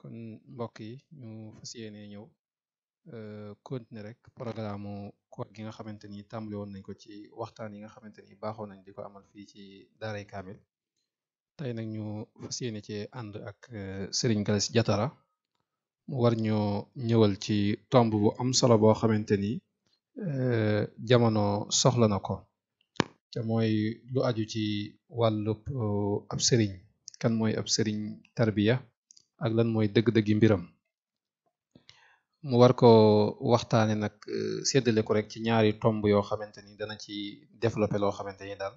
kon mbokk yi ñu fas yéene ñëw continuer rek programme mu koor gi nga xamante ni tàmbali woon nañ ko ci waxtaan yi nga xamante ni baaxoo nañ di ko amal fii ci daaray kaamil tey nag ñu fas yéene ci ànd ak e, Serigne Gallas Diatara mu war ñoo ñëwal ci tomb bu am solo boo xamante ni e, jamono soxla na ko te mooy lu aju ci wàllub e, ab sëriñ kan mooy ab sëriñ tarbiya ak lan mooy dëgg-dëggi mbiram mu war ko waxtaane nag euh, seddale ko rek ci ñaari tomb yoo xamante ni dana ci développé loo xamante ni daal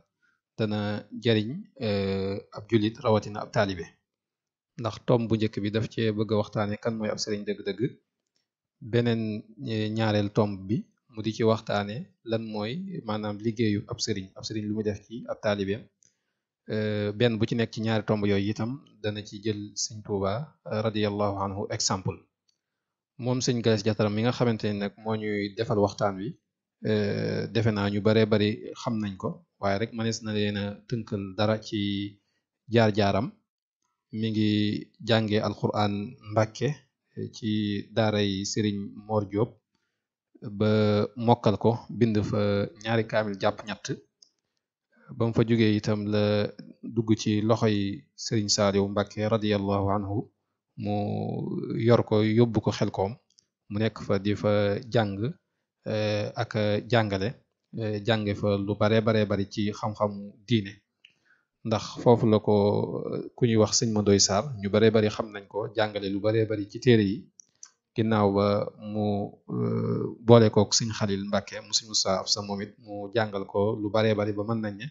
dana jariñ euh, ab jullit rawatina ab taalibe ndax tomb bu njëkk bi daf cee bëgg a waxtaane kan mooy ab sëriñ dëgg-dëgg beneen e, ñaareel tomb bi mu di ci waxtaane lan mooy maanaam liggéeyu ab sëriñ ab sëriñ lu mu def ci ab taalibeem euh, benn bu ci nekk ci ñaari tomb yooyu itam dana ci jël sëñ Tuuba radiyallahu anhu exemple moom sëñ Gallass jataram mi nga xamante ni nag moo ñuy defal waxtaan wi eh, defe naa ñu baree bari xam nañ ko waaye rek mënees na leen a tënkal dara ci jaar-jaaram mi ngi jànge alquran Mbàkke eh, ci daaray Serigne Mor Diop ba mokkal ko bind fa ñaari kaamil jàpp ñett ba mu fa jógee itam la dugg ci loxoy Serigne Saliou mbakke radiyallahu anhu mu yor ko yóbbu ko xel koom mu nekk fa di fa jàng eh, ak jàngale eh, jànge fa lu bare bare bari ci xam-xam diine ndax foofu la ko ku ñuy wax sëñ Mandoy Sarr ñu bare bari xam nañ ko jàngale lu bare bari ci téere yi ginnaaw ba mu eh, boole kook sëñ Xalil Mbàkke mu sëñ Musaa Absa moom it mu jàngal ko lu bare bari ba mën nañ ne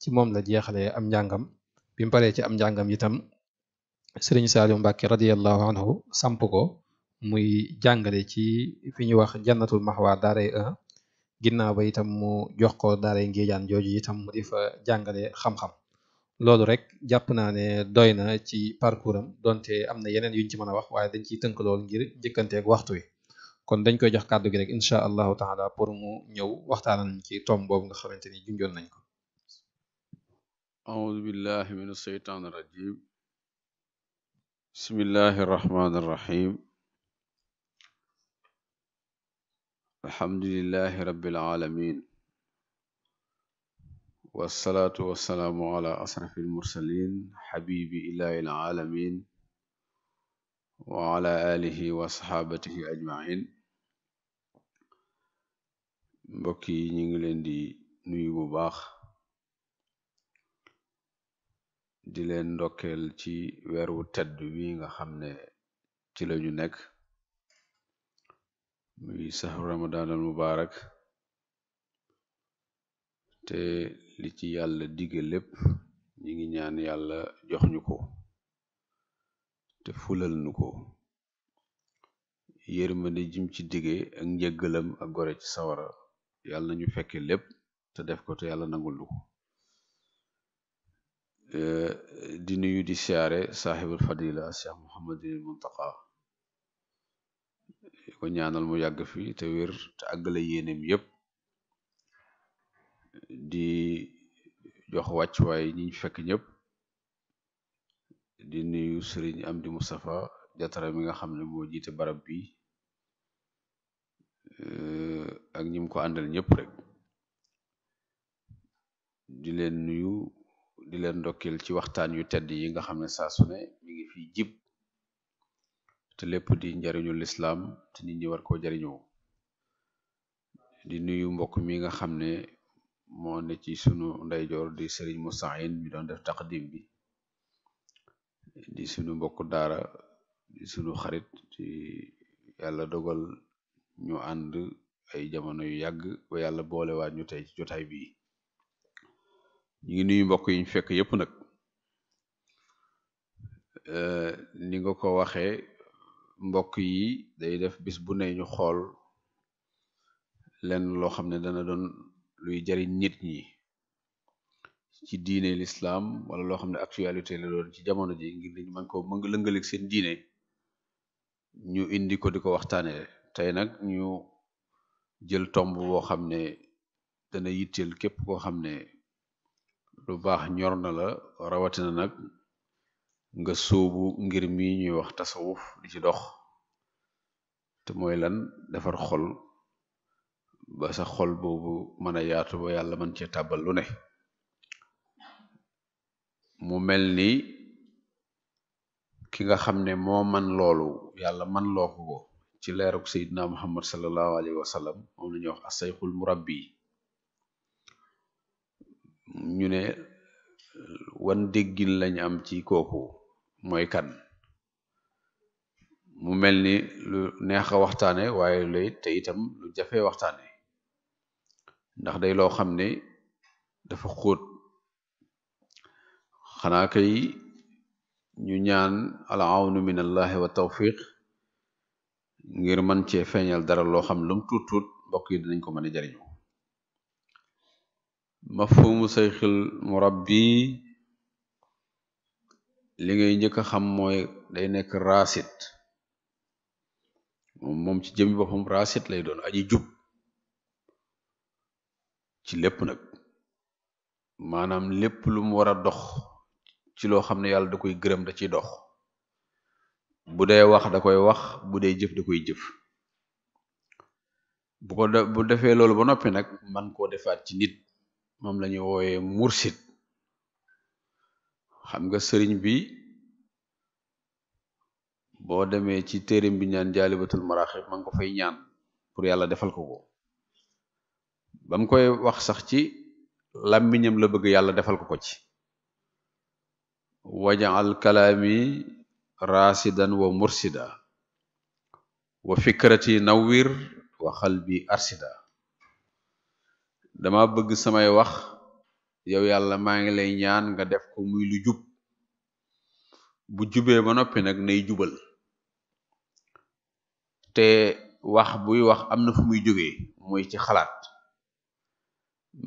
ci moom la jeexalee am njàngam bi mu ci am njàngam itam sëriñ Saliou Mbacke radiallahu anhu samp ko muy jàngale ci fi ñuy wax janatul maxwa daaray 1 e. ginnaaw ba itam mu jox ko daaray ngéejaan jooju itam mu di fa jàngale xam-xam loolu rek jàpp naa ne doy na ci parcours am donte am na yeneen yuñ ci mën a wax waaye dañ ciy tënk loolu ngir njëkkanteeg waxtu wi kon dañ koy jox kàddu gi rek incha allahu taala pour mu ñëw waxtaanal ci tom boobu nga xamante ni junjoon nañ ko bismillahi irrahmani irrahim alhamdulilahi rabilalamin wassalaatu wassalaamu ala asrafi almursalin xabibi ilahi alaalamin wa ala alihi wa saxaabatihi ajmain mbokk yi ñu ngi leen di nuyu bu baax di leen ndokkeel ci weer wu tedd wi nga xam ne ci ñu nekk muy sahru ramadan al mubarak te li ci yàlla digge lépp ñi ngi ñaan yàlla jox ñu ko te fulal nu ko yërmande jim ci digge ak njëggalam ak gore ci sawara yàlla nañu fekke lépp te def ko te yàlla nangul nu di nuyu di siyaare saaxibul fadila cheikh muhammadul muntaqa ko ñaanal mu yàgg fi te wér te àggale yéeneem yépp di jox wàccuwaay ñiñ fekk ñëpp di nuyu sëriñ am Moustapha jatara mi nga xam ne moo jiite barab bi eh, ak ñim ko àndal ñëpp rek di leen nuyu di leen ndokkeel ci waxtaan yu tedd yi nga xam ne saa su ne ngi fi jib te lépp di njariñu lislaam te nit ñu war koo jariñoo di nuyu mbokk mi nga xam ne moo ne ci sunu ndeyjoor di Serigne Moussa mi doon def taqdim bi di sunu mbokk daara di sunu xarit ci yàlla dogal ñu ànd ay jamono yu yàgg ba yàlla boolewaat ñu tey ci bii ñu ngi nuyu mbokk yi ñu fekk yépp nag euh, ni nga ko waxee mbokk yi day def bis bu ne ñu xool len loo xam ne dana doon luy jariñ nit ñi ci diine lislaam wala loo xam ne actualité la doon ci jamono ji ngir dañu man ko mën seen diine ñu indi ko di ko waxtaane tey nag ñu jël tomb boo xam ne dana yitteel képp koo xam ne lu baax ñor na la rawatina nag nga suubu ngir mi ñuy wax tasawuf di ci dox te mooy lan defar xol ba sa xol boobu mën a yaatu ba yàlla mën cee tàbbal lu ne mu mel ni ki nga xam ne moo man loolu yàlla man loo ko ci leeruk Seydina Muhammad sallallahu alayhi wa sallam moom la ñuy wax asayxul murabbi ñu ne wan déggin lañ am ci kooku mooy kan mu mel ni lu neex a waxtaane waaye lay te itam lu jafe waxtaane ndax day loo xam ne dafa xóot xanaa kay ñu ñaan al awnu min allahi wa tawfiq ngir man cee feeñal dara loo xam lu tuut tuut mbokk yi dinañ ko mën a jariñu mu mafhumu sayxil murabbi li ngay njëkk a xam mooy day nekk raasit moom moom ci jëmmi boppam raasit lay doon aji jub ci lépp nag maanaam lépp lu mu war a dox ci loo xam ne yàlla da koy gërëm da ciy dox bu dee wax da koy wax bu dee jëf da koy jëf bu ko bu defee loolu ba noppi nag man koo defaat ci nit moom la ñu wooyee mursid xam nga sëriñ bi boo demee ci téerim bi ñaan jaalibatul maraaxib ma ngi ko fay ñaan pour yàlla defal ko ko bam mu koy wax sax ci làmmiñam la bëgg yàlla defal ko ko ci wajaal kalaami raasidan wa mursida wa fikrati nawwir wa xalbi arsida dama bëgg samay wax yow yàlla maa ngi lay ñaan nga def ko muy lu jub bu jubee ba noppi nag nay jubal te wax buy wax am na fu muy jógee mooy ci xalaat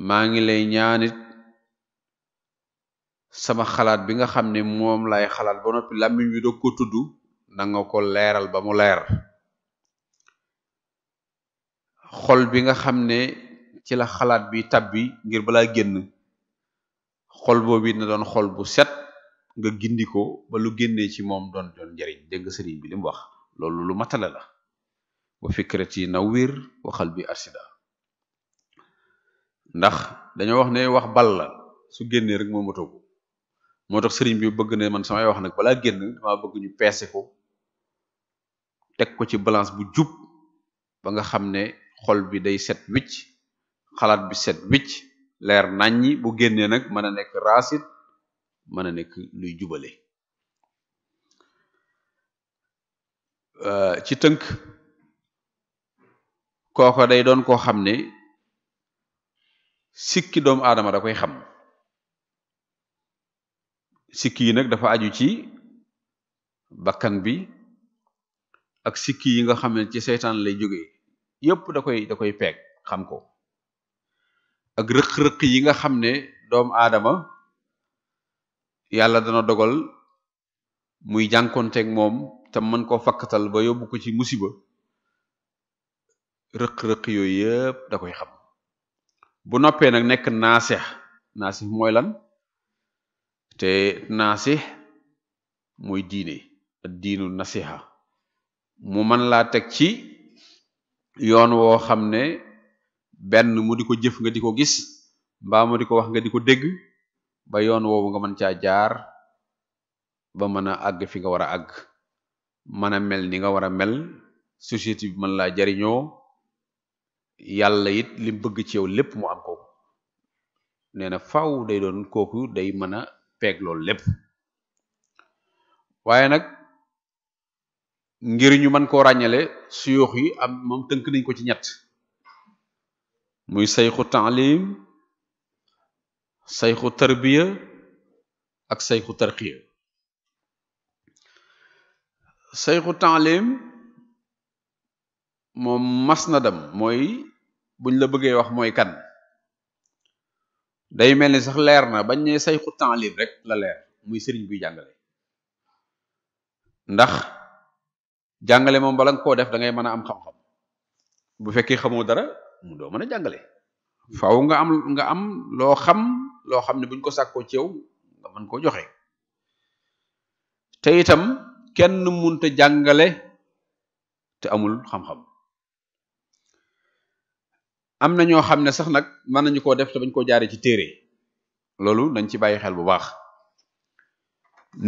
maa ngi lay ñaanit sama xalaat bi nga xam ne moom lay xalaat ba noppi làmmiñ bi ko tudd nanga ko leeral ba mu leer xol bi nga xam ne ci la xalaat bi tàbbi ngir balaa génn xol boo it na doon xol bu set nga gindi ko ba lu génnee ci moom doon doon njariñ dégg nga sëriñ bi li wax loolu lu matala la wa fikrati nawwir waxal bi arsida ndax dañoo wax ne wax bal la su génnee rek moo matoogu moo tax sëriñ bi bëgg na man samay wax nag balaa génn dama bëgg ñu peese ko teg ko ci balance bu jub ba nga xam ne xol bi day set wicc xalaat bi set wicc leer naññi bu génnee nag mën a nekk raasit mën a nekk luy jubale euh, ci tënk kooko day doon koo xam ne siki doomu aadama da koy xam sikki yi nag dafa aju ci bakkan bi ak sikki yi nga xam ne ci seytaan lay jóge yépp da koy da koy peeg xam ko ak rëq-rëq yi nga xam ne doomu aadama yàlla dana dogal muy jànkonteeg moom te mën koo fakkatal ba yóbbu ko ci musiba rëq-rëq yooyu yëpp da koy xam bu noppee nag nekk naasix naasix mooy lan te naasix muy diine diinu nasiha mu mën laa teg ci yoon woo xam ne benn mu di ko jëf nga di ko gis mbaa mu di ko wax nga di ko dégg ba yoon woowu nga mën caa jaar ba mën a àgg fi nga war a àgg mën a mel ni nga war a mel société bi mën laa jariñoo yàlla yit lim bëgg ci lépp mu am ko nee na faw day doon kooku day mën a peeg loolu lépp waaye nag ngir ñu mën koo ràññale suyoox yi am moom tënk nañ ko ci ñett muy sayxu taalim sayxu tarbiya ak sayxu tarxiya sayxu taalim moom masna na dem mooy buñ la bëggee wax mooy kan day mel ni sax leerna bañ ne sayxu taalim rek la leer muy sëriñ buy jàngale ndax jàngale moom bala nga koo def dangay ngay mën a am xam-xam bu fekkee xamoo dara mu doo mën a jàngale faaw nga am nga am loo xam loo xam ne buñ ko sàkkoo ci yow nga mën koo joxe te itam kenn munta jàngale te amul xam-xam am na ñoo xam ne sax nag mën nañu koo def te bañ ko jaaree ci téere loolu nañ ci bàyyi xel bu baax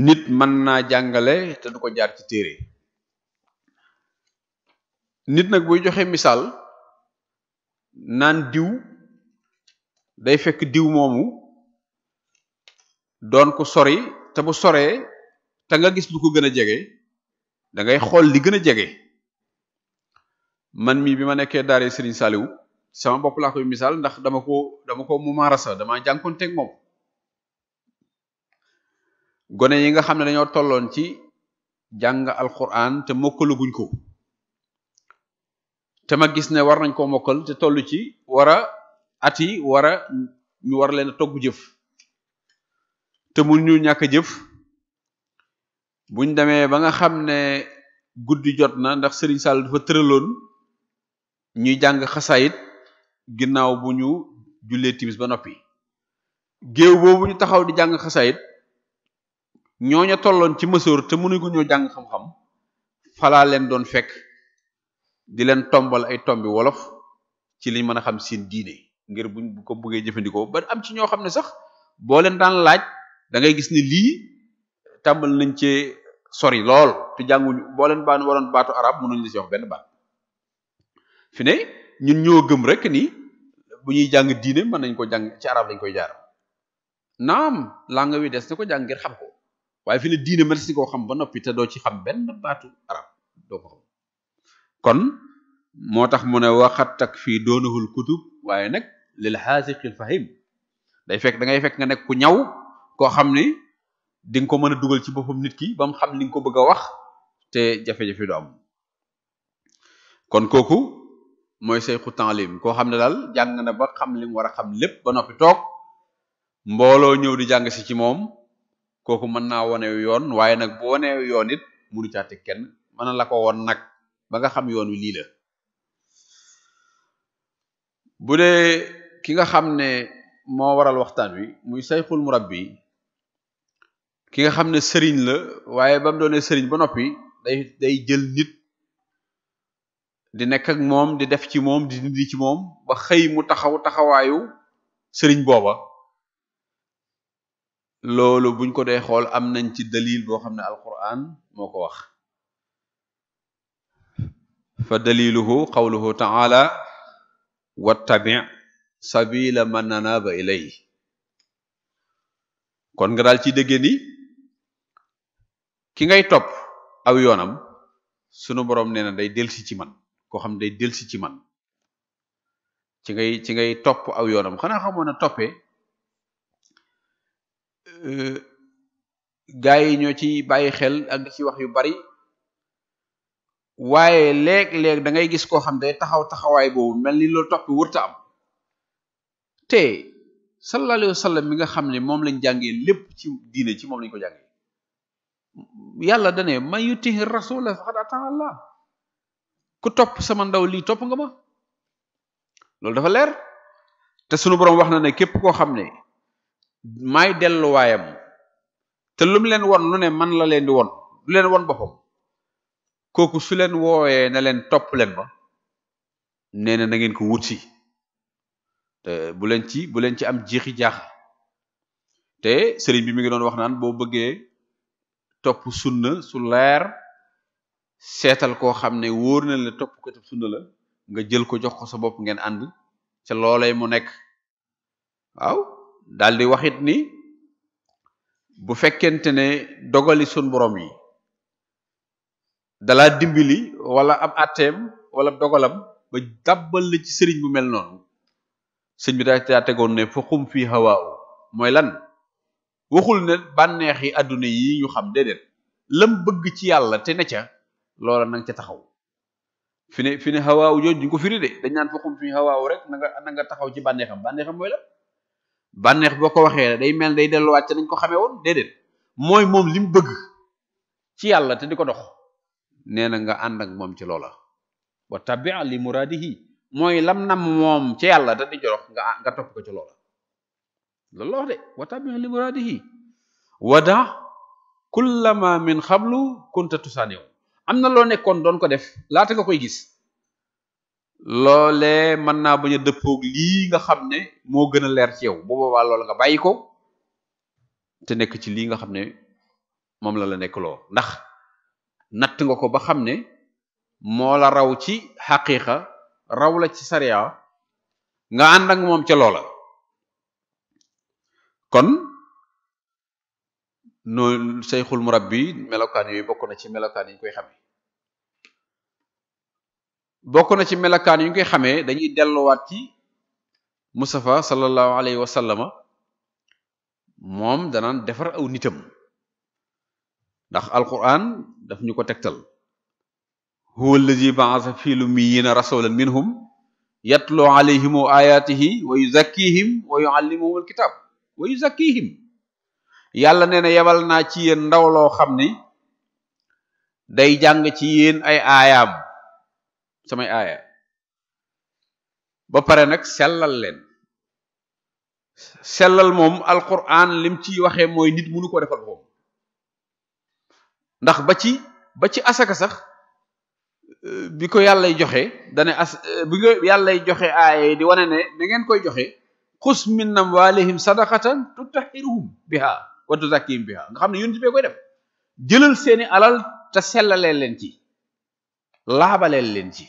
nit mën naa jàngale te du ko jaar ci téere nit nag buy joxe misaal naan diw day fekk diw moomu doon ko sori te bu soree te nga gis lu ko gën a jege dangay xool li gën a jege man mii bi ma nekkee daare Serigne Saliou sama bopp laa koy misaal ndax dama ko dama ko mu maarasa dama jànkonteeg moom gone yi nga xam ne dañoo tolloon ci jàng alquran te mokkalaguñ ko te ma gis ne war nañ koo mokkal te tollu ci war a at yi war ñu war leen a togg jëf te mu ñu ñàkk a jëf buñ demee ba nga xam ne guddi jot na ndax Serigne Sall dafa tëraloon ñuy jàng xasaayit ginnaaw bu ñu jullee timis ba noppi géew boobu ñu taxaw di jàng xasaayit ñooña tolloon ci mësoor te mënuñu ko ñoo jàng xam-xam falaa leen doon fekk di leen tombal ay tombi wolof ci liñ mën a xam seen diine ngir buñ ko buggee jëfandikoo ba am ci ñoo xam ne sax boo leen daan laaj da ngay gis ne lii tàmbal nañ cee sori lool te jànguñu boo leen baan waroon baatu arab mënuñ la ci benn baat fi ne ñun ñoo gëm rek ni bu ñuy jàng diine mën nañ ko jàng ci lañ koy jaar naam langue wi des na ko jàng ngir xam ko waaye fi ne diine mën si koo xam ba noppi te doo ci xam benn baatu arab doo kon moo tax mu ne waxat tak fii doonahul kutub waaye nag lil xaasiqil fahim day fekk da ngay fekk nga nekk ku ñaw koo xam ne di ko mën a dugal ci boppam nit ki ba mu xam li ko bëgg a wax te jafe-jafe am kon kooku mooy sayxu taalim koo xam ne daal jàng na ba xam li mu war a xam lépp ba noppi toog mbooloo ñëw di jàng si ci moom kooku mën naa wanew yoon waaye nag bu wanew yoon it munu caate kenn mën na la ko woon nag ba nga xam yoon wi lii la bu dee ki nga xam ne moo waral waxtaan wi muy mu rab bi ki nga xam ne sëriñ la waaye ba mu doonee sëriñ ba noppi day day jël nit di nekk ak moom di def ci moom di dindi ci moom ba xëy mu taxaw taxawaayu sëriñ booba loolu buñ ko dee xool am nañ ci dalil boo xam ne alquran moo ko wax fa daliluhu qawluhu taala wattabi sabila man anaba ilay kon nga daal ci dégge ni ki ngay topp aw yoonam sunu boroom nee na day delsi ci man koo xam day delsi ci man ci ngay ci ngay topp aw yoonam xanaa xamoon na toppee euh, gaa yi ñoo ci bàyyi xel ak ci wax yu bari waaye léeg-léeg da ngay gis koo xam day taxaw taxawaay boobu mel ni loolu toppi wurta am te sallallahu alayhi wa mi nga xam ne moom lañ jàngee lépp ci diine ci moom lañ ko jàngee yàlla dane man yutihi rasula faqad ata Allah ku topp sama ndaw li topp nga ma loolu dafa leer te sunu boroom wax na ne képp koo xam ne maay delluwaayam te lu mu leen won lu ne man la leen di won du leen won boppam kooku su leen woowee na leen topp leen ma nee na na ngeen ko wut si te bu leen ci bu leen ci am jeexi jaax te sëriñ bi mu ngi doon wax naan boo bëggee topp sunna su leer seetal koo xam ne wóor na la topp ko sunna la nga jël ko jox ko sa bopp ngeen ànd ca loolay mu nekk waaw daal di waxit ni bu fekkente ne dogali sun boroom yi dalaa dimbali wala ab atteem wala dogalam ba dàbbal la ci sëriñ bu mel noonu sëñ bi daa tegoon ne fa xum fii hawaa mooy lan waxul ne bànneex yi àdduna yi ñu xam déedéet lam bëgg ci yàlla te ne ca loola na ca taxaw fi ne fi ne hawaaw jooju duñ ko firi de dañ naan fa xum fii hawaaw rek na nga taxaw ci bànneexam bànneexam mooy la bànneex boo ko waxee day mel day delluwaat ca nañ ko xamee woon déedéet mooy moom li bëgg ci yàlla te di ko dox nee na nga ànd ak moom ci loola wa tabia li muraadihi mooy lam nam moom ci yàlla da di jorox nga topp ko ci loola loolu la wax de wa tabia li muraadihi wada kullama min xablu kunta tusaaniw am na loo nekkoon doon ko def laata nga koy gis loolee mën naa bañ a dëppoog lii nga xam ne moo gën a leer ci yow bu boobaa loola nga bàyyi ko te nekk ci lii nga xam ne moom la la nekk loo ndax natt nga ko ba xam ne moo la raw ci xaqiqa raw la ci sariya nga ànd moom ca loola kon noo sayxul murabbi melokaan yooyu bokk na ci melokaan yi ñu koy xame bokk na ci melokaan yi ñu xamee dañuy delluwaat ci Mustafa sallallahu alayhi wa moom danaan defar aw nitam ndax alquran daf ñu ko tegtal huwa allazi ba'atha fil ummiyina rasulan minhum yatlu alayhim ayatihi wa yuzakkihim wa yuallimuhum alkitab wa yuzakkihim yàlla nee na yebal naa ci yéen ndaw loo xam ni day jàng ci yéen ay aayaam samay aaya ba pare nag sellal leen sellal moom alquran lim ci waxee mooy nit mënu ko defal foofu ndax ba ci ba ci asaka sax euh, bi ko yàllay joxe dane as euh, bi ko yàllay joxe aaya di wane ne da ngeen koy joxe xus min amwalihim sadaqatan tutahiruhum biha wa tuzakkihim biha nga xam ne yonent bee koy def jëlal seeni alal ta sellale leen ci laabale leen ci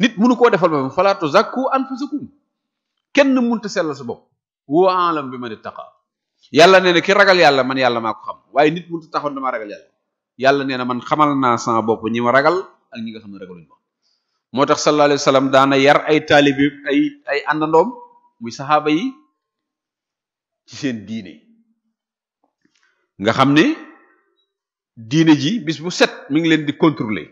nit mënu koo defal boppam fala tuzakku anfusakum kenn mënta sellal sa bopp wa alam bi man ittaqa yàlla nee na ki ragal yàlla man yàlla maa ko xam waaye nit mënut taxoon damaa ragal yàlla yàlla nee na man xamal naa sama bopp ñi ma ragal ak ñi nga xam ne ragaluñ ma moo tax sallallahu alayhi wa sallam yar ay taalibi ay ay àndandoom muy saxaaba yi ci diine nga xam ne diine ji bis bu set mu ngi leen di contrôler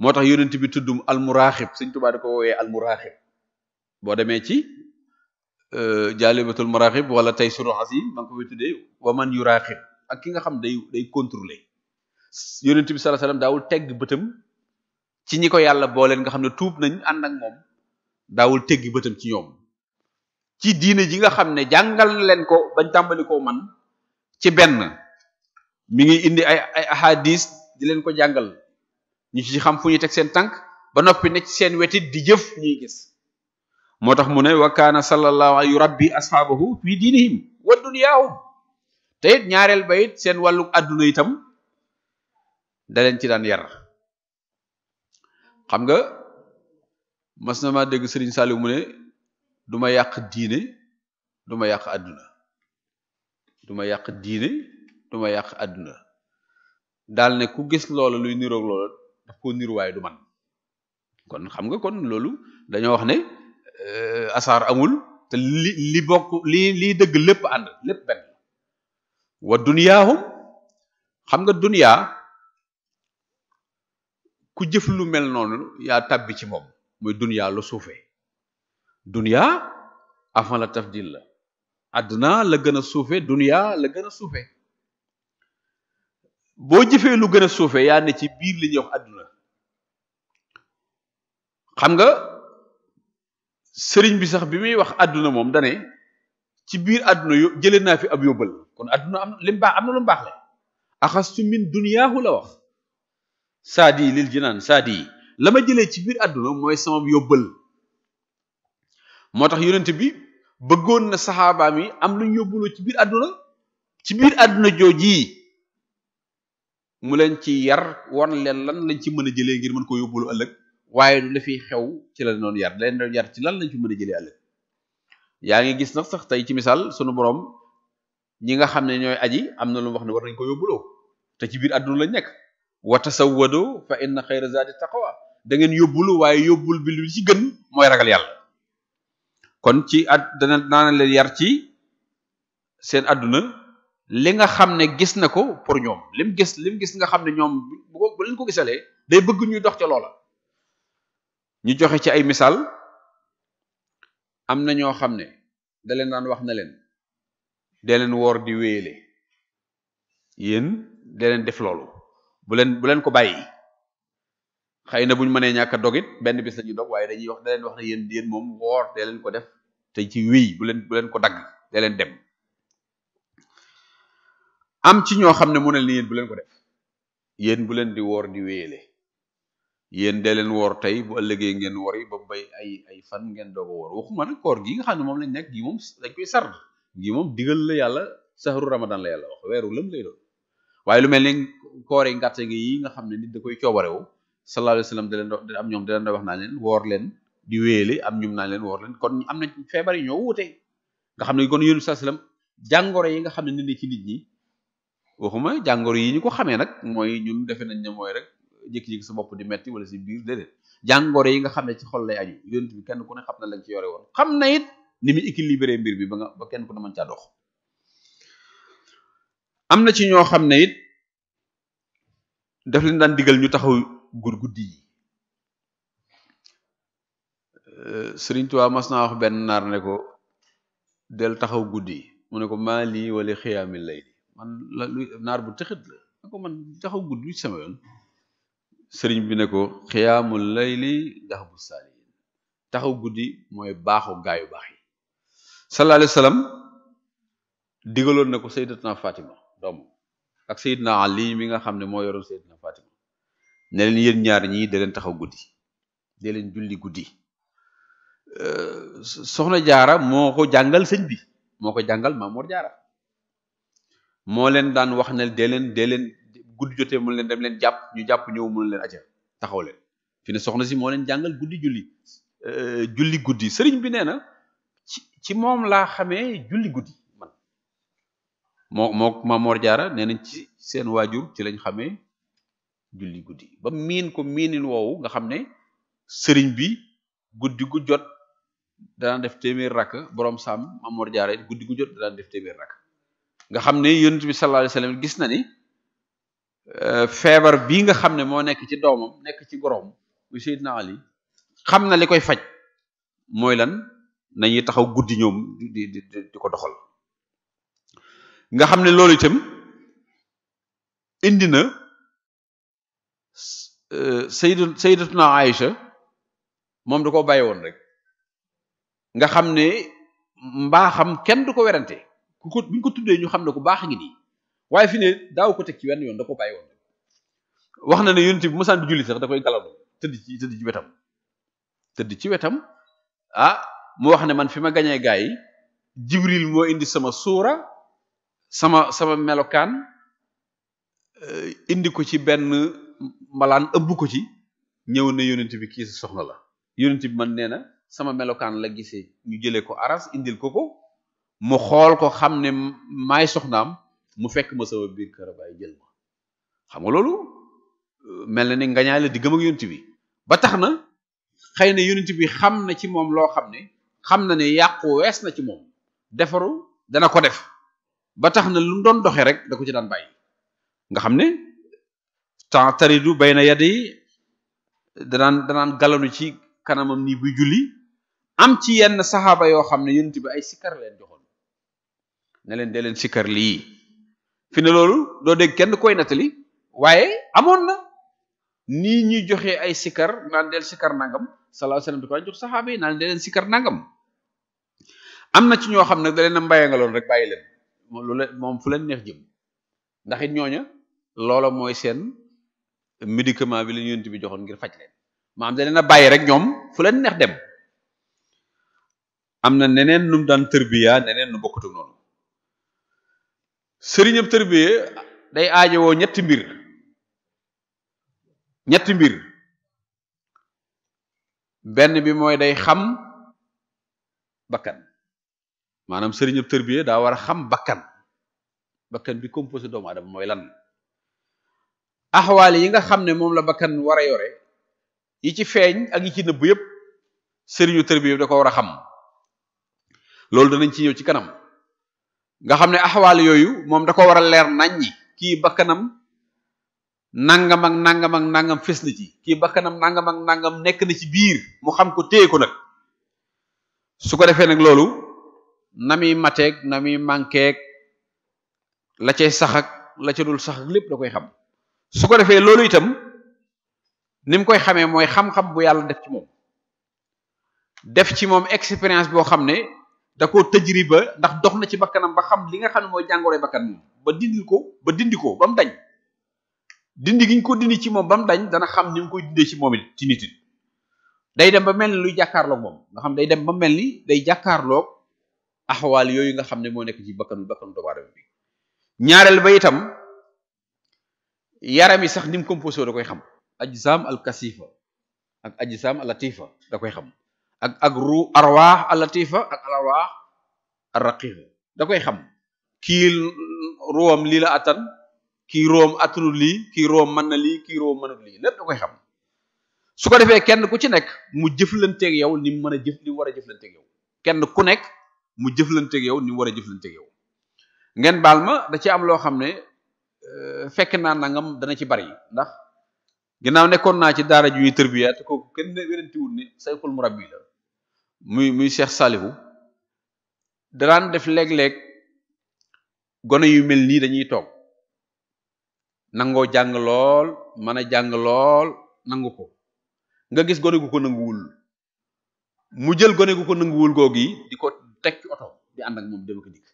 moo tax yonent bi tuddum almuraaxib Sëñ Tuubaa da ko woowee almuraaxib boo demee Euh, jaalibatul maraqib wala tey suru azim ma ngi ko koy tuddee waman yuraqib ak ki nga xam day day contrôler yonent bi sallallahu alayhi wasallam daawul tegg bëtam ci ñi ko yàlla booleen nga xam ne tuub nañ ànd ak moom daawul teggi bëtam ci ñoom ci diine ji nga xam ne jàngal na leen ko bañ tàmbali ko man ci benn mu ngi indi ay ay ahadis di leen ko jàngal ñu ci xam fu ñuy teg seen tànk ba noppi nag seen wetit di jëf ñuy gis moo tax mu ne wa kaana sallallahu alayhi rabbi asxaabahu fi diini wa dunyaahum te it ñaareel ba it seen wàllu àdduna itam daleen ci daan yar xam nga masna ma maa dégg Sëriñ Saaliw mu ne duma yàq diine du ma yàq àdduna du yàq diine du yàq àdduna daal ne ku gis loola luy niroog loola daf koo niruwaay du man kon xam nga kon loolu dañoo wax ne Euh, asaar amul te li li bokk li liy dëgg lépp ànd lépp benn wa dunyaahum xam nga dunyaa ku jëf lu mel noonu yaa tàbbi ci moom muy dunyaa lu suufee dunyaa avant la tafdil la àdduna la gën a suufe dunyaa la gën a suufe boo jëfee lu gën a suufe yaa ne ci biir li ñuy wax àdduna xam nga sëriñ bi sax bi muy wax àdduna moom dane ci biir àdduna yo jëlee naa fi ab yóbbal kon àdduna am lim baax am na lu mu baax le axastu min duniyaahu la wax saadi yi lil naan saadi yi la ma jëlee ci biir àdduna mooy sama yóbbal moo tax yonent bi bëggoon na saxaabaam yi am lu ñu yóbbuloo ci biir àdduna ci biir àdduna joojii mu leen ci yar won leen lan lañ ci mën a jëlee ngir mën koo yóbbulu ëllëg waaye du la fiy xew ci la doon yar leen doon yar ci lan lañ ci mën a jëlee ëllëg yaa ngi gis nag sax tey ci misaal sunu borom ñi nga xam ne ñooy aji am na lu wax ne war nañ ko yóbbuloo te ci biir àdduna lañ nekk wa tasawwadu fa inna xayra zaadi taqwa da ngeen yóbbulu waaye yóbbul bi lu ci gën mooy ragal yàlla kon ci at dana naa leen yar ci seen àdduna li nga xam ne gis na ko pour ñoom lim gis lim gis nga xam ne ñoom bu leen ko gisalee day bëgg ñuy dox ca loola ñu joxe ci ay misaal am na ñoo xam ne da leen daan wax na leen dee leen woor di wéele yéen dee leen def loolu bu leen bu leen ko bàyyi xëy na bu ñu mënee ñàkk a dog benn bis la ñuy dog waaye dañuy wax da leen wax ne yéen yéen moom woor dee leen ko def te ci wéy bu leen bu leen ko dagg dee leen dem am ci ñoo xam ne mu ne ni yéen bu leen ko def yéen bu leen di woor di wéele yéen de leen woor tey bu ëllëgee ngeen wori ba bay ay ay fan ngeen doog a woor waxuma nag koor gi nga xam ne moom lañ nekk gi moom dañ koy sar gi moom la yàlla saxaru ramadan la yàlla wax weeru lëm lay lu mel ni koor ngàtte gi yi nga xam ne nit da koy coobarewu sallallahu alayhi wa sallam da leen do am ñoom da leen da wax naa leen woor leen di wéele am ñum naa leen woor leen kon am na feebar yi te nga xam ne kon yéen sallallahu alayhi wa yi nga xam ne nit ci nit ñi waxuma jàngoro yi ñu ko xamee nag mooy ñun defe nañ ne rek jékki-jékki sa bopp di metti wala si biir déedéet jàngoro yi nga xam ne ci xol lay aju yonent bi kenn ku ne xam na lañ ci yore woon xam na it ni mu équilibré mbir bi ba nga ba kenn ku ne mën am na ci ñoo xam ne it daf lañ daan digal ñu taxaw gur guddi yi euh, Sëriñ Tuubaa mas naa wax benn naar ne ko del taxaw guddi mu ne ko maa lii wala xiyaamil lay man naar bu tëxit la ne ko man taxaw guddi sama yoon sëriñ bi ne ko xiyaamul layli ndax bu saaliin taxaw guddi mooy baaxu gaayu baax yi sallallahu alayhi wa na ko sayyidatna Fatima doom ak sayyidna Ali mi nga xam ne moo yoroon sayyidna Fatima ne leen yéen ñaar ñii da leen taxaw guddi da leen julli guddi soxna jaara moo ko jàngal sëñ bi moo ko jàngal Maamoor Jaara moo leen daan wax ne de leen guddi jotee mun leen dem leen jàpp ñu jàpp ñëw mun leen acca taxaw leen fi ne soxna si moo leen jàngal guddi julli euh, julli guddi sëriñ bi nee na ci moom laa xamee julli guddi man moo moo Mamoor Jaara nañ ci seen waajur ci lañ xamee julli guddi ba miin ko miinin woowu nga xam ne sëriñ bi guddi gu jot danaan def téeméer rakk boroom saam Mamoor Jaara it guddi gu jot danaan def téeméer rakk nga xam ne yonent bi sallallahu alayhi gis na ni Euh, feebar bii nga xam ne moo nekk ci doomam nekk ci goroom muy Seydina Ali xam na li koy faj mooy lan nañu taxaw guddi ñoom di di ko doxal nga xam ne loolu itam indi na euh, Sayyidu Sayyidatuna Aïcha moom da ko bàyyi woon rek nga xam ne mbaaxam kenn du ko werante ku ko bu ñu ko tuddee ñu xam ne ku baax a ngi nii waaye fi ne daaw ko teg ci wenn yoon da ko bàyyi woon wax na ne yonent bi mosaan di julli sax da koy galandu tëdd ci ci wetam tëdd ci wetam ah mu wax ne man fi ma gañee gaay yi jibril moo indi sama suura sama sama melokaan eh, indi ko ci benn malaan ëbb ko ci ñëw na yonent bi kii soxna la yonent bi man nee na sama melokaan la gisee ñu jëlee ko aras indil ko ko mu xool ko xam ne maay soxnaam mu fekk ma sama biir kër baay jël ma xam nga loolu euh, mel na ni ngañaay la diggam ak yonent bi ba tax na xëy na yonent bi xam na ci moom loo xam ne xam na ne yàqu wees na ci moom defaru dana ko def ba tax na lu mu doon doxee rek da ko ci daan bàyyi nga xam ne temps taridu bay na yadda yi danaan danaan galanu ci kanamam nii buy julli am ci yenn saxaaba yoo xam ne yonent bi ay sikkar leen joxoon ne leen dee leen sikkar lii fi ne loolu doo dégg kenn koy nettali waaye amoon na nii ñuy joxe ay sikar naan deel sikar nangam sallallahu alayhi wasallam di ko saxaaba yi naan deel sikar nangam am na ci ñoo xam nag da leen a mbayee nga loon rek bàyyi leen moom moom fu leen neex jëm ndax it ñooña loola mooy seen médicament bi la ñu yonent joxoon ngir faj leen maam da leen a bàyyi rek ñoom fu leen neex dem am na neneen num daan tërbiya neneen nu bokkatu noonu sëriñam tërbiye day aajowoo ñetti mbir ñetti mbir benn bi mooy day xam bakkan maanaam sëriñam tërbiye daa war a xam bakkan bakkan bi composé doomu adama mooy lan axwaal yi nga xam ne moom la bakkan war a yore yi ci feeñ ak yi ci nëbb yëpp sëriñu tërbiye da ko war a xam loolu danañ ci ñëw ci kanam nga xam ne axawaal yooyu moom da ko war a leer naññi kii bakkanam nangam ak nangam ak nangam fes na ci kii bakkanam nangam ak nangam nekk na ci biir mu xam ko téye ko nag su ko defee nag loolu na muy mateeg na muy la cay saxak la ca dul sax lépp da koy xam su ko defee loolu itam ni koy xamee mooy xam-xam bu yàlla def ci moom def ci moom expérience boo xam ne da koo tëjriba ndax dox na ci bakkanam ba xam li nga xam ne mooy jàngoroy bakkan moom ba dindil ko ba dindi ko ba mu dañ dindi giñ ko dindi ci moom ba mu dañ dana xam ni mu koy dindee ci moom it ci day dem ba mel ni luy jàkkaarloog moom nga xam day dem ba mel ni day jàkkaarloog axawaal yooyu nga xam ne moo nekk ci bakkanu bakkanu doomu aadama bi ñaareel ba itam yaram yi sax ni mu composé da koy xam ajsam al kasifa ak ajsam al latifa da koy xam ak ak ru arwaax allatifa ak arwaax arraqifa da koy xam kii room lii la attan kii room attanul lii kii room mën na lii kii room mënul lii lépp da koy xam su ko defee kenn ku ci nekk mu jëflanteeg yow ni mu mën a jëf ni war a jëflanteeg yow kenn ku nekk mu jëflanteeg yow ni war a jëflanteeg yow ngeen baal ma da ci am loo xam ne euh, fekk naa nangam dana ci bari ndax ginnaaw nekkoon naa ci daara ju ñuy tërbiya te kooku kenn wérantiwul ne sayxul yi la muy muy Cheikh Salihu danaan def léeg gone yu mel nii dañuy toog nangoo jàng lool mën a jàng lool nangu ko nga gis gone gu ko nanguwul mu jël gone gu ko nanguwul googu yi di ko teg ci oto di ànd ak moom dem ko dikk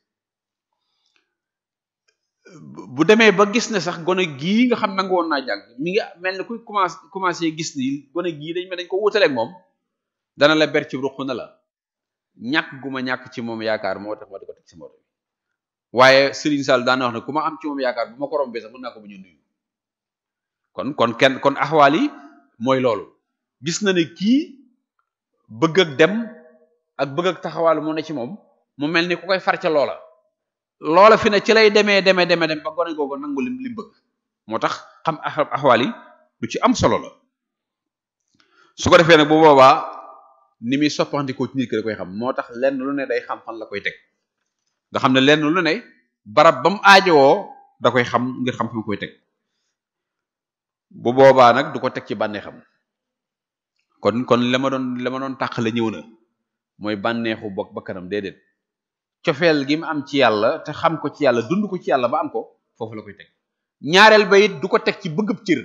bu demee ba gis ne sax gone gii nga xam nangu woon naa jàng mi ngi mel ne kuy commencé commencé gis nii gone gii dañ mel dañ ko wutaleeg moom dana la ber ci ruq na la ñàkk gu ma ñàkk ci moom yaakaar moo tax ma di ko teg si moto bi waaye Serigne Sall daana wax ku ma am ci moom yaakaar bu ma ko rombee sax mën naa ko bu ñu kon kon kenn kon axwaal mooy loolu gis na ne kii bëgg dem ak bëgg ak mu ne ci moom mu mel ni ku koy farce loola loola fi ne ci lay demee demee deme dem ba gone googu nangu lim lim bëgg moo tax xam axwaal yi lu ci am solo la su ko defee nag bu ni muy soppandikoo ci nit ki da koy xam moo tax lenn lu ne day xam fan la koy teg nga xam ne lenn lu ne barab ba mu aajowoo da koy xam ngir xam fi mu koy teg bu boobaa nag du ko teg ci bànneexam kon kon la ma doon la ma doon tàqale ñëw na mooy bànneexu bokk kanam déedéet cofeel gi am ci yàlla te xam ko ci yàlla dund ko ci yàlla ba am ko foofu la koy teg ñaareel ba it du ko teg ci bëggub cër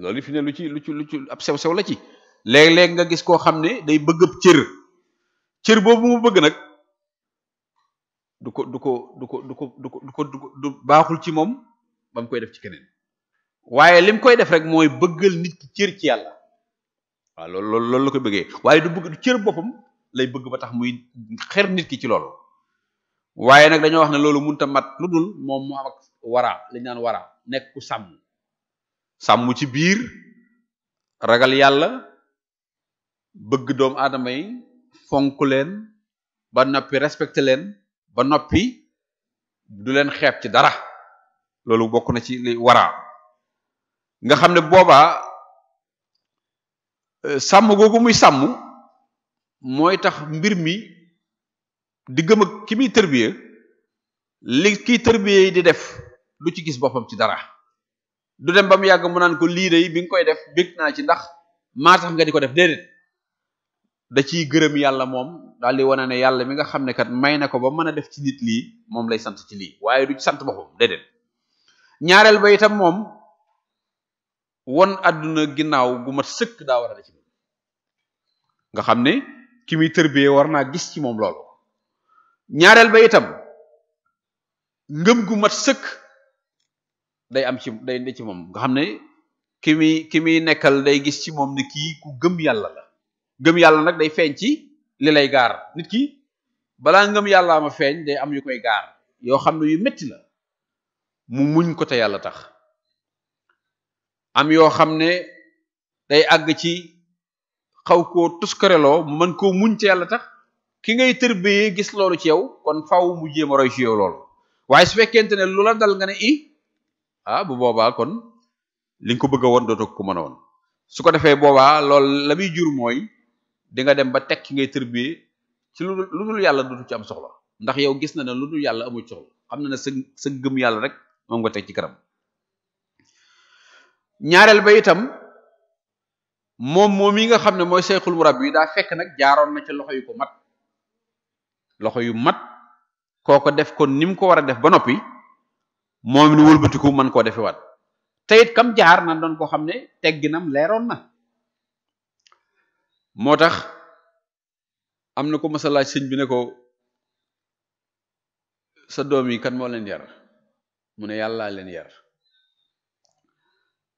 loolu fi ne lu ci lu ci lu ci ab sew sew la ci léeg-léeg nga gis koo xam ne day bëgg ab cër cër boobu mu bëgg nag du ko du ko du ko du ko du ko du ko du baaxul ci moom ba koy def ci keneen waaye lim koy def rek mooy bëggal nit ki cër ci yàlla waaw loolu la koy bëggee waaye du bëgg du cër boppam lay bëgg ba tax muy xer nit ki ci lool waaye nag dañoo wax ne loolu mënut a mat lu dul moom mu am ak wara li ñu naan wara nekk ku sàmm sàmm ci biir ragal yàlla. bëgg doom aadama yi fonk leen ba noppi respecte leen ba noppi du leen xeeb ci dara loolu bokk na ci li wara nga xam ne boobaa euh, sàmm googu muy sàmm mooy tax mbir mi di gëm ak ki muy tërbiye li kiy tërbiye yi di def du ci gis boppam ci dara du dem ba mu yàgg mu naan ko lii de bi nga koy def bég naa ci ndax maa tax nga di ko def déedéet da ciy gërëm yàlla moom daal di wane ne yàlla mi nga xam ne kat may na ko ba mën a def ci nit lii moom lay sant ci lii waaye du ci sant boppam déedéet ñaareel ba moom won àdduna ginnaaw gu mat daa war ci moom nga xam ne ki muy tërbiyee war naa gis ci moom loolu ñaareel ba itam ngëm gu mat sëkk day am ci day ne ci moom nga xam ne ki muy ki muy nekkal day gis ci moom ne kii ku gëm yàlla la gëm yàlla nag day feeñ ci li lay gaar nit ki balaa ngëm yàllaa ma feeñ day am yu koy gaar yoo xam ne yu metti la mu muñ ko te yàlla tax am yoo xam ne day àgg ci xaw koo tuskareloo mu mën koo muñ te yàlla tax ki ngay tërbiyee gis loolu ci yow kon faw mu jéem a roy ci yow loolu waaye su fekkente ne lu la dal nga ne i ah bu boobaa kon li nga ko bëgg a woon dootoo ko mën a woon su ko defee boobaa loolu la muy jur mooy di nga dem ba teg tekki ngay tërbiye ci lu lu dul yàlla dutu ci am soxla ndax yow gis na ne lu dul yàlla amul soxla xam na ne sa sa gëm yàlla rek moom nga teg ci kanam ñaareel ba itam moom moom yi nga xam ne mooy seexul murabbi yi daa fekk nag jaaroon na ci loxo yu ko mat loxo yu mat koo ko def kon ni mu ko war a def ba noppi moom nu wëlbatiku mën koo defewaat te it kam jaar na doon ko xam ne tegginam leeroon na moo tax am na ko mas a bi ne ko sa doom yi kat moo leen yar mu ne yàllaa leen yar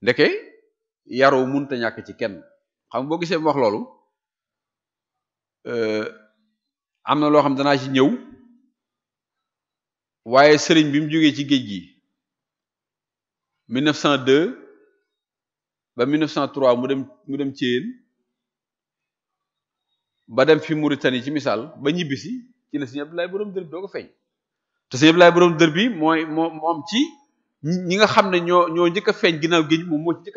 ndeke yaru munta ñàkk ci kenn xam boo gisee mu wax loolu eh, am na loo xam danaa ci ñëw waaye sëriñ bi mu jógee ci géej gi 1902 ba 1903 mu dem mu dem Thièyène ba dem fi Mauritanie ci misaal ba ñibbisi ci la sëñ Abdoulaye borom dër bi doo ko feeñ te sëñ Abdoulaye borom dër bi mooy moo moom ci ñi nga xam ne ñoo ñoo njëkk a feeñ ginnaaw géej moom moo ci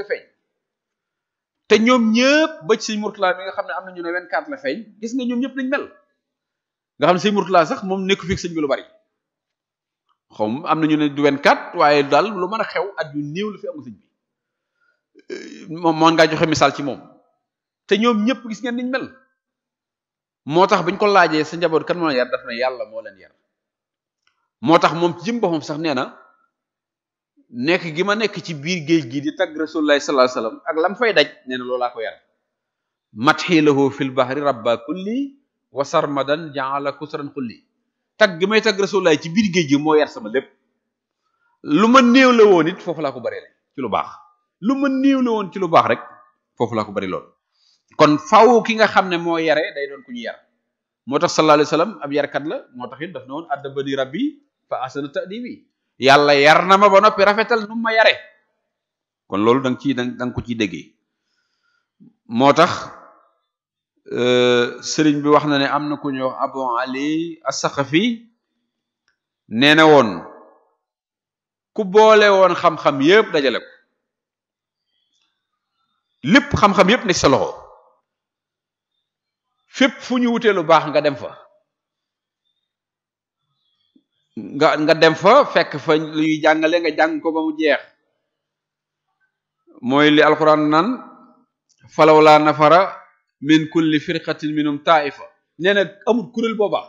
te ñoom ñëpp ba ci sëñ xam ne am na ñu ne 24 la feeñ gis nga ñoom ñëpp nañ mel nga xam ne sëñ Mourtala sax moom nekku fi sëñ bi lu bari xaw am na ñu ne du 24 waaye daal lu mën a xew at yu néew la fi amul bi moom moo ngaa joxe misaal ci moom te ñoom ñëpp gis ngeen niñ mel moo tax bañ ko laajee sa njaboot kan moo yar daf ne yàlla moo leen yar moo tax moom ci jëm sax nee na nekk gi ma nekk ci biir géej gi di tagg rasulullahi sallallahu alayhi ak lam fay daj nee na loolaa ko yar matxiilahu fil bahri rabba kulli wa sarmadan jaala kusran kulli tagg gi may tagg rasulullahi ci biir géej gi moo yar sama lépp lu ma néew la woon it foofu laa ko bari ci lu baax lu ma néew ci lu baax rek foofu laa ko bari lool kon faw ki nga xam ne moo yare day doon ku yar moo tax sallallahu alayhi wa sallam ab yarkat la moo taxit it daf ne woon addabani rabbi fa asana ta'dibi yàlla yar na ma ba noppi rafetal nu ma yare kon loolu da nga ciy da nga ko ciy déggee moo tax euh, sëriñ bi wax na ne am na ku ñu wax abu ali as-saqafi nee na woon ku boole woon xam-xam yépp dajale ko lépp xam-xam yépp ne sa fépp fu ñu wutee lu baax nga dem fa nga nga dem fa fekk fa lu ñuy jàngale nga jàng ko ba mu jeex mooy li alquran nan falawla nafara min kulli firqatin minhum taifa nee na amul kuréel booba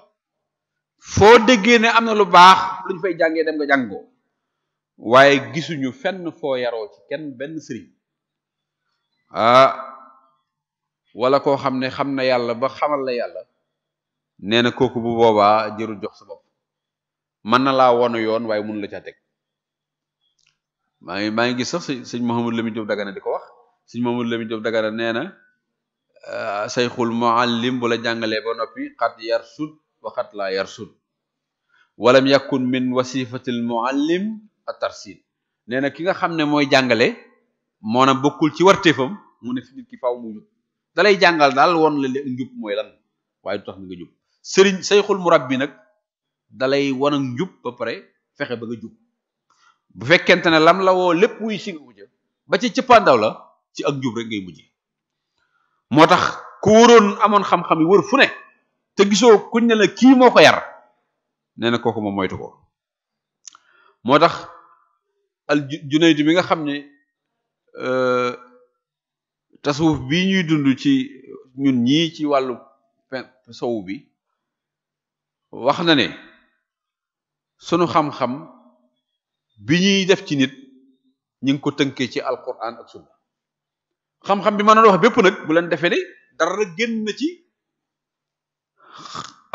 foo déggee ne am na lu baax luñ ñu fay jàngee dem nga jàngoo waaye gisuñu fenn foo yaroo ci kenn benn sëriñ ah, wala koo xam ne xam na yàlla ba xamal la yàlla nee na kooku bu boobaa jërul jox sa bopp mën na laa won yoon waaye mun la caa teg maa ngi maa ngi gis sax sëñ Mouhamadou Lamine Diop Dagana di ko wax sëñ Mouhamadou Lamine Diop Dagana nee na ah, sayxul muallim bu la jàngalee ba noppi xat yar sud wa xat laa yar sud walam yakun min wasifatil muallim a tarsin nee na ki nga xam ne mooy jàngale moo na bokkul ci warteefam mu ne fi ki faaw mu dalay jàngal daal woon la njub mooy lan waaye du tax nga jub sëriñ sayxul bi nag dalay wan ak njub ba pare fexe ba nga jub bu fekkente ne lam la woo lépp wuy si nga wuja ba ci cëppaandaw la ci ak njub rek ngay mujj moo tax ku wóoroon amoon xam-xam yi wër fu ne te gisoo kuñ ne la kii moo ko yar nee na kooku moom moytu ko moo tax al Junayd bi nga xam ne euh, tasawuf bii ñuy dund ci ñun ñii ci wàllu sowu bi wax na ne sunu xam-xam bi ñuy def ci nit ñi ngi ko tënkee ci alquran ak sunna xam-xam bi ma doon wax bépp nag bu leen defee ne dara génn na ci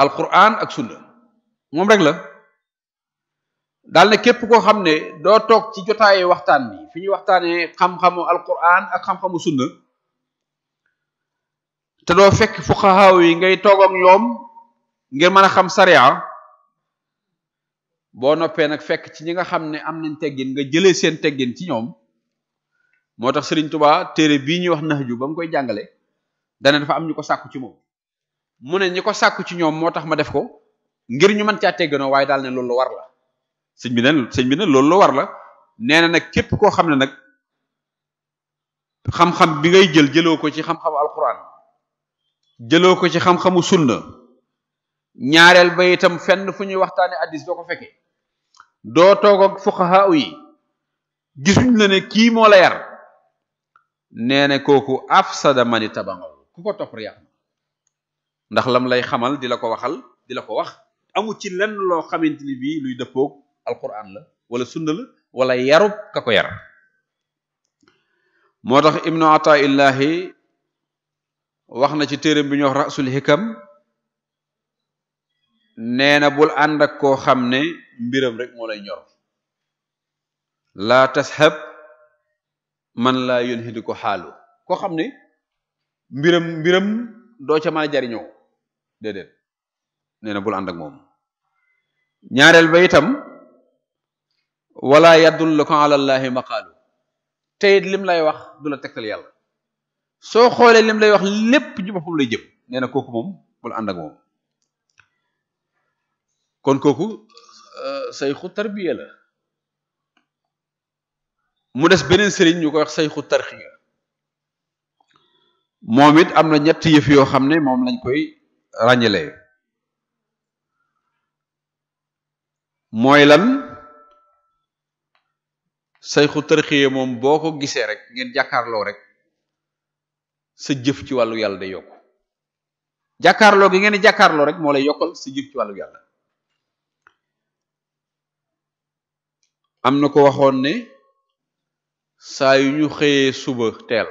alquran ak sunna moom rek la daal ne képp koo xam ne doo toog ci jotaayu waxtaan bi fi ñuy waxtaanee xam-xamu alquran ak xam-xamu sunna te doo fekk fuqahaa yi ngay toog ak ñoom ngir mën a xam sariya boo noppee nag fekk ci ñi nga xam ne am nañ teggin nga jëlee seen teggin ci ñoom moo tax Sëriñ tubaa téere bii ñuy wax Nahju ba mu koy jàngale dana dafa am ñu ko sàkku ci moom mu ne ñi ko sàkku ci ñoom moo tax ma def ko ngir ñu mën caa tegginoo waaye daal ne loolu lu war la sëñ bi ne sëñ bi ne loolu lu war la nee na nag képp koo xam ne nag xam-xam bi ngay jël jëloo ko ci xam-xam alquran jëloo ko ci xam-xamu sunna ñaareel ba itam fenn fu ñuy waxtaane addis doo ko fekke doo toog ak fuqaha yi gisuñ la ne kii moo la yar nee na kooku afsada mani tabangaw ku ko topp yàq ndax lam lay xamal di ko waxal dila ko wax amu ci lenn loo xamante bi bii luy dëppoog alquran la wala sunna la wala yarub ka ko yar moo tax ibnu ataillahi wax na ci téere bi ñu wax rasul xikam nee na bul ànd ak koo xam ne mbiram rek moo lay ñor laa tashab man laa yunhidu ko xaalu koo xam ne mbiram mbiram doo ca mën a jariñoo déedéet nee na bul ànd moom ñaareel ba itam wala yadul la ko alallahi maqaalu teyit lim lay wax du la tegtal yàlla soo xoolee lim lay wax lépp ju boppam lay jëm nee na kooku moom bul ànd ak moom kon kooku euh, sayxu tarbiya la mu des beneen sëriñ ñu ko wax sayxu tarxiya moom it am na ñett yëf yoo xam ne moom lañ koy ràññalee mooy lan sayxu tarxiya moom boo ko gisee rek ngeen jàkkaarloo rek sa jëf ci wàllu yàlla day yokku jàkkaarloo gi ngeen di jàkkaarloo rek moo lay yokkal sa jëf ci wàllu yàlla am na ko waxoon ne saa yu ñu xëyee suba teel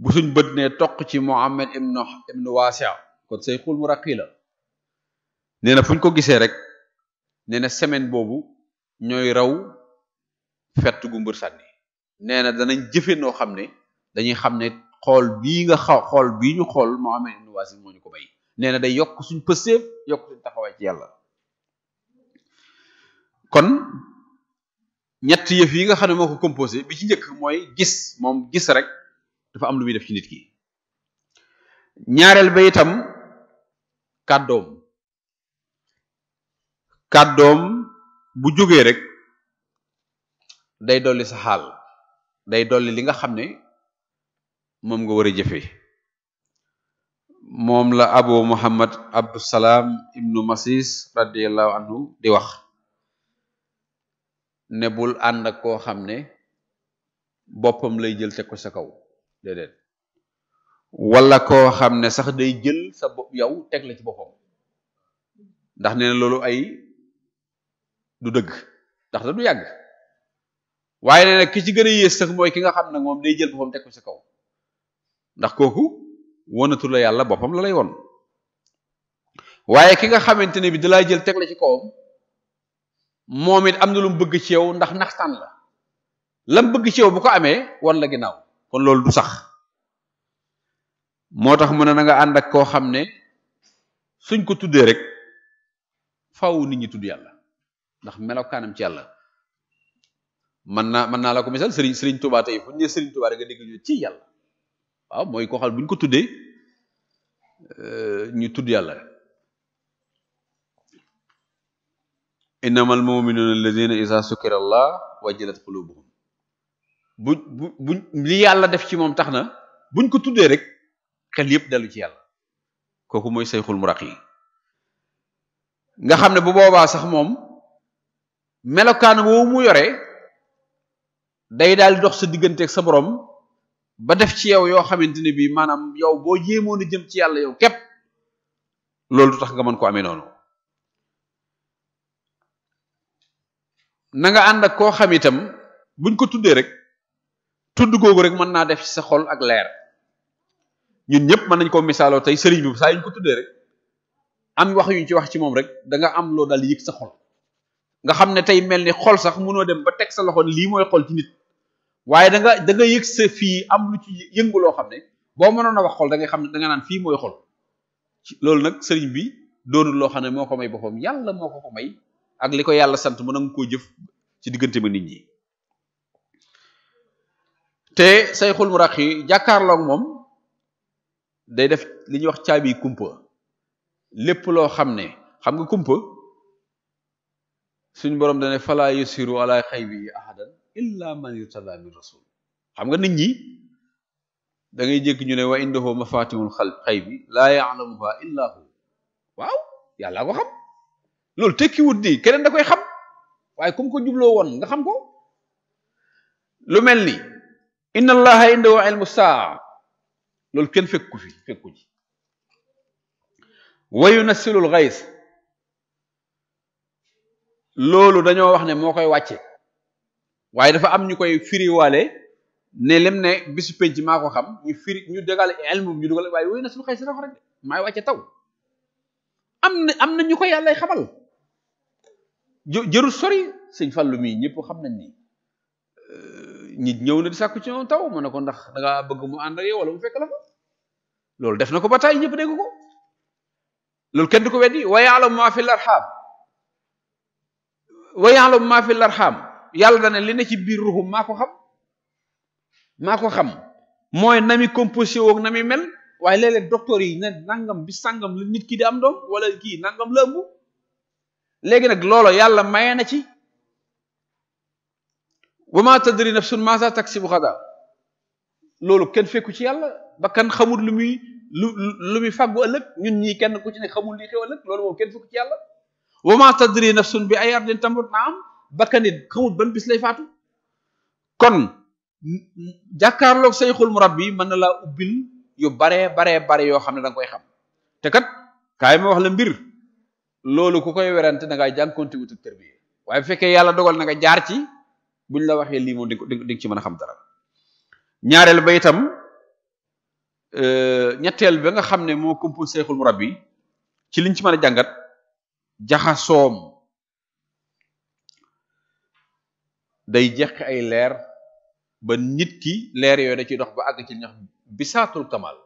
bu suñ bët ne toq ci Muhammad ibnu ibnu Waasia kon say xul mu raqi la na fu ñu ko gisee rek nee na semaine boobu ñooy raw fett gu mbër sànni nee na danañ jëfe noo xam ne dañuy xam ne xool bii nga xaw xool bii ñu xool Muhammad ibn Wasil moo ñu ko bay nee na day yokk suñ pëseef yokk suñ taxawaay ci yàlla kon ñett yëf yi nga xam ne moo ko composé bi ci njëkk mooy gis moom gis rek dafa am lu muy def ci nit ki ñaareel ba itam kàddoom kàddoom bu jógee rek day dolli sa xaal day dolli li nga xam ne moom nga war a jëfe moom la abu muhammad abdusalaam ibnu masis radiallahu anhu di wax ne bul ànd koo xam ne boppam lay jël teg ko sa kaw déedéet wala koo xam ne sax day jël sa yow teg la ci boppam ndax nee na loolu ay du dëgg ndax da du yàgg waaye nee na ki ci gën a yées sax mooy ki nga xam ne moom day jël boppam teg ko sa kaw ndax kooku wonatu la yàlla boppam la lay won waaye ki nga xamante ni bi dalaa jël teg la ci kawam moom it am na lu mu bëgg ci yow ndax naxtaan la lam bëgg ci bu ko amee wan la ginnaaw kon loolu du sax moo tax mu ne na nga ànd ak koo xam ne suñ ko tuddee rek faw nit ñi tudd yàlla ndax melokaanam ci yàlla mën naa mën naa la ko misal Serigne Serigne Touba tey fu ñu nee Serigne Touba nga dégg ñu ci yàlla. waaw mooy koo xam bu ñu ko tuddee euh, ñu tudd yàlla innamal muminuna alladina isa sukira allah wajilat qulubuhum bu bu bu li yàlla def ci moom tax na buñ ko tuddee rek xel yépp dellu ci yàlla kooku mooy sayxul yi nga xam ne bu boobaa sax moom melokaan woowu mu yore day daal di dox sa ak sa boroom ba def ci yow yoo xamante ne bii maanaam yow boo jéemoon a jëm ci yàlla yow képp loolu du tax nga mën ko amee noonu na nga ànd ak koo xam itam buñ ko tuddee rek tudd googu rek mën naa def ci sa xol ak leer ñun ñëpp mën nañ koo misaaloo tey sëriñ bi saa yuñ ko tuddee rek am wax yuñ ci wax ci moom rek da nga am loo dal yëg sa xol nga xam ne tey mel ni xol sax mënoo dem ba teg sa loxo lii mooy xol ci nit waaye da nga da nga yëg sa fii am lu ci yëngu loo xam ne boo mënoon a wax xol da nga xam ne da naan fii mooy xol loolu nag sëriñ bi doonul loo xam ne moo ko may boppam yàlla moo ko ko may ak ko yàlla sant mu nangu koo jëf ci diggante ma nit ñi te sayxul muraqi jàkkaarloog moom day def li ñuy wax caabi kumpa lépp loo xam ne xam nga kumpa suñ borom dane fala yusiru ala xaybi ahadan illa man irtada min rasul xam nga nit ñi dangay ngay jékk ñu ne wa indahu mafatihul xaybi laa yaalamuha illa hu waaw yàllaa xam loolu tekki wut nii keneen da koy xam waaye comme ko jubloo woon nga xam ko lu mel ni inna allaha indahu ilmu saa loolu kenn fekku fi fekku ji wa yunassilul gays loolu dañoo wax ne moo koy wàcce waaye dafa am ñu koy firiwaale ne lim ne bisu penc maa ko xam ñu firi ñu dëgale elmu ñu dugal waaye wooyu na suñu xëy si rek maay wàcce taw am na am na ñu ko yàllay xamal jërul sori sëñ Fallu mii ñëpp xam nañ ni euh, nit ñëw na di sàkku ci moom taw mu ne ko ndax danga bëgg mu ànd ak yow wala mu fekk la fa loolu def na ko ba tàyyi ñëpp dégg ko loolu kenn du ko weddi wa yaalamu maa fi larxaam wa yaalamu yàlla dane li ne ci biir ruxum maa ko xam maa ko xam mooy na mi composé woog na mi mel waaye léeg-léeg yi ne nangam bi sàngam la nit kii di am doom wala kii nangam la ëmb léegi nag loolo yàlla maye na ci wa ma tadri nafsun maasa taksibu xada loolu kenn fekku ci yàlla ba kan xamul lu muy lu lu muy fàggu ëllëg ñun ñii kenn ku ci ne xamul li xew ëllëg loolu moom kenn fekku ci yàlla wa ma tadri nafsun bi ay ardin tamut na am bakka bakkanit xamul ban bis lay faatu kon jàkkaarloog sayxul murabbi mën na laa ubbil yu baree bare bare yoo xam ne da koy xam te kat kaay ma wax la mbir loolu ku koy werante da ngay jànkonte wutu tërbiye waaye bu fekkee yàlla dogal na nga jaar ci buñ la waxee lii moom di ci mën a xam dara ñaareel ba itam euh, ñetteel ba nga xam ne moo composé sayxul murabbi ci liñ ci mën a jàngat jaxasoom day jeq ay leer ba nit ki leer yooyu da ciy dox ba àgg ci ñax bisaatul kamal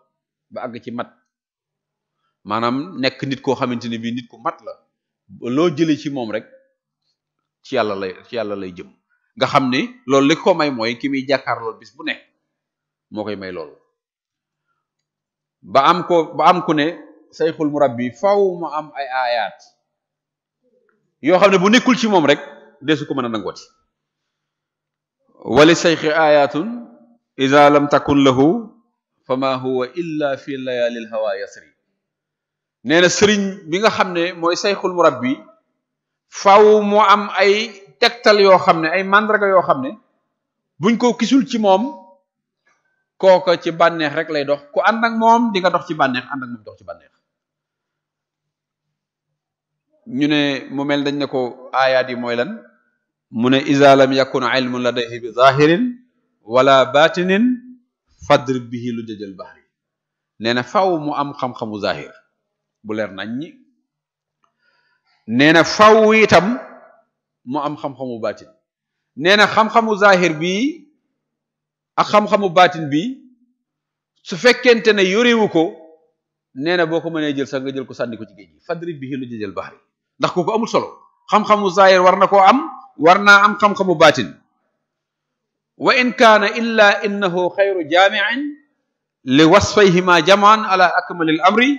ba àgg ci mat maanaam nekk nit koo xamante ne bii nit ku mat la loo jële ci moom rek ci yàlla lay ci yàlla lay jëm nga xam ni loolu li ko may mooy ki muy jàkkaarloo bis bu ne moo koy may lool ba am ko ba am ku ne rab murabbi faw mu am ay aayaat yoo xam ne bu nekkul ci moom rek desu ko mën a nangooti wali sayxi ayatun ida lam takun lahu fama huwa illa fi layalil hawa yasri nee sëriñ bi nga xam ne mooy sayxul murabbi faw mu am ay tektal yoo xam ne ay màndarga yoo xam ne buñ ko kisul ci moom kooka ci bànneex rek lay dox ku ànd moom di nga dox ci bànneex ànd ak moom dox ci bànneex ñu ne mu mel dañ ne ko aayaat yi mooy lan mu ne iza lam yakun ilmun ladayhi bi zahirin wala batinin fadrib bihi lu jëjël bahri nee na faw mu am xam-xamu zahir bu leer nañ ñi nee na faw itam mu am xam-xamu baatin nee na xam-xamu zahir bii ak xam-xamu baatin bi su fekkente ne yorewu ko nee na boo ko mënee jël sax nga jël ko sànni ko ci géej gi fadrib bihi lu jëjël bahri ndax kooku amul solo xam-xamu zahir war na koo am war naa am xam-xamu baatin wa in kaana illa innahu xayru jaamiin li wasfayhima jamaan ala akmalil amri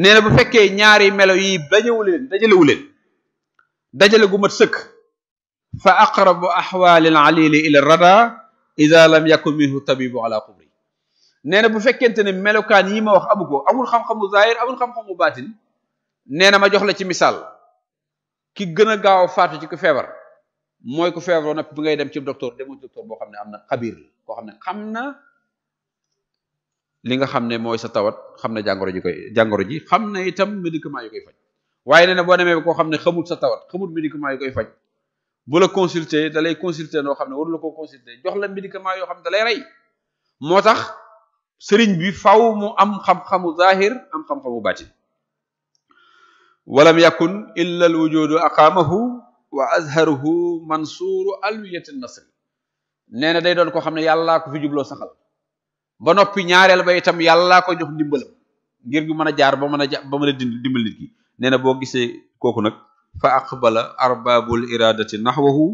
nee na bu fekkee ñaari melo yi dajewu leen dajalewu leen dajale gu mat sëkk fa aqrabu axwaalil alili ila rada ida lam yakun minhu tabibu ala qubri nee na bu fekkente ne melokaan yi ma wax amu ko amul xam-xamu zaahir amul xam-xamu baatin nee na ma jox la ci misaal ki gën a gaaw a faatu ci ku feebar mooy ku feebaroo nag bu ngay dem ci docteur demoo docteur boo xam ne am na xabiir koo xam ne xam na li nga xam ne mooy sa tawat xam na jàngoro ji koy jàngoro ji xam na itam médicament yu koy faj waaye nee na boo demee koo xam ne xamul sa tawat xamul médicament yu koy faj bu la consulter da lay consulter noo xam ne waru la ko consulter jox la médicament yoo xam ne da lay rey moo tax sëriñ bi faw mu am xam-xamu zahir am xam-xamu baatin walam yakun illa al wujudu aqaamahu wa azharuhu mansuuru alwiyati nasri nee na day doon koo xam ne yàllaa ko fi jublo saxal ba noppi ñaareel ba itam yàllaa ko jox ndimbalam ngir gi mën a jaar ba mën a ja ba mën a dimbal nit ki nee na boo gisee kooku nag fa aqbala arbabul iradati nahwahu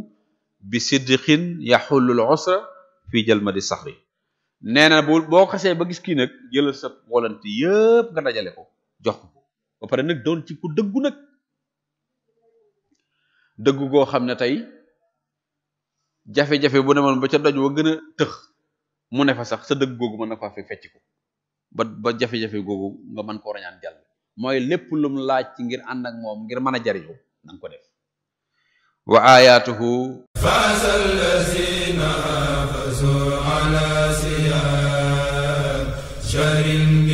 bi sidqin yaxullul usra fi jalmadi saxri nee na bu boo xasee ba gis kii nag jëlal sa volonté yëpp nga dajale ko jox ko ba pare nag doon ci dëggu nag dëggu goo xam ne tey jafe-jafe bu demoon ba ca doj wa gën a tëx mu ne fa sax sa dëgg googu mën na faa fecc ba ba jafe-jafe googu nga mën koo rañaan jàll mooy lépp lum laaj ci ngir ànd ak moom ngir mën a jariñu na ko def wa ayatuhu fasalazina fasu ala siyam sharin